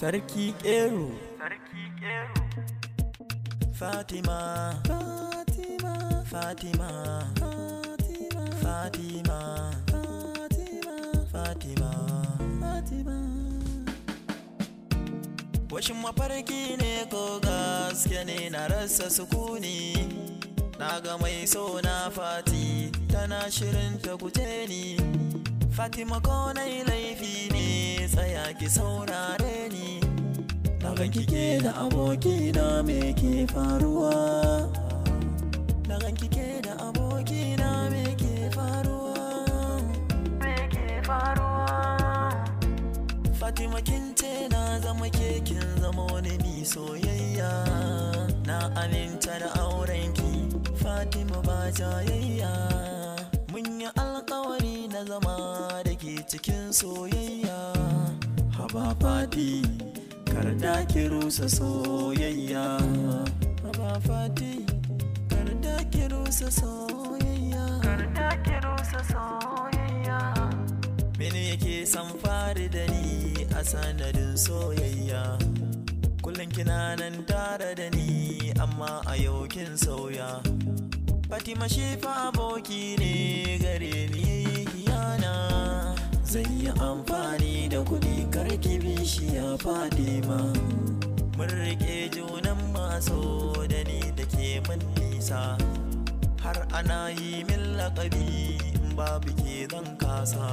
Sarki Kero Fatima Fatima Fatima Fatima Fatima Fatima Fatima Fatima Washin mafarki ne ko gaske ne na rasa sukuni na ga mai so na fati tana shirin ta guje ni fatima ko yi laifi ne tsaya ki saurare ni na ga kike da aboki na me ke faruwa na ga kike da aboki na me ke faruwa me ke faruwa fatima kince na zama ke kin zama wani bi soyayya na aminta da aurenki fatima ba jayayya zama da ke cikin soyayya haba fadi karda ki rusa soyayya haba fadi karda ki rusa soyayya karda ki rusa soyayya mene yake san fari da ni a sanadin soyayya kullum kina nan tare da ni amma a yau kin sauya Fatima shi fa aboki ne gare ni zan yi amfani da kuɗi karki shi ya faɗi ma mun riƙe junan maso da ni da ke mun nisa har ana yi min laƙabi in babu ke zan kasa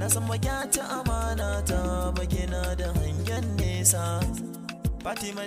na san ci amana ta bagina da hangen nesa fatima